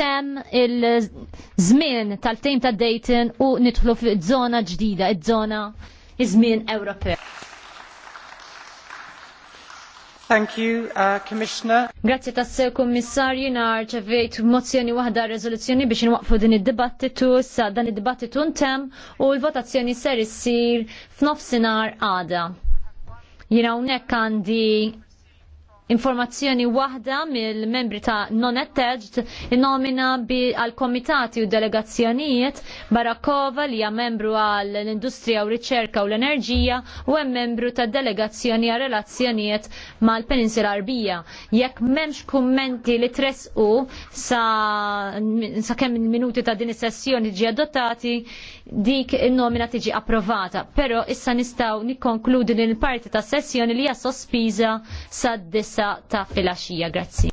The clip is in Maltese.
tem il-żmien tal-tejm ta' Dayton u nidħlu f'żona ġdida, iż-żona iż-żmien Ewropew. Thank you, uh, Commissioner. Grazie tas kummissarju nar ċevejt mozzjoni waħda rezoluzzjoni biex nwaqfu din id-dibattitu, sa dan id-dibattitu ntem u l-votazzjoni ser issir f'nofsinhar għada. Jina hawnhekk għandi informazzjoni waħda mill-membri ta' non-attached nomina għal komitati u delegazzjonijiet Barakova li hija membru għal l-industrija u riċerka u l-enerġija u hemm membru ta' delegazzjoni għal relazzjonijiet mal-Peninsula Arbija. Jekk m'hemmx kummenti li tresqu sa, sa kemm minuti ta' din is-sessjoni ġi adottati dik in-nomina tiġi approvata. Però issa nistgħu nikkonkludi din il-parti ta' sessjoni li hija sospiża sa' disa ta' filgħaxija. Grazzi.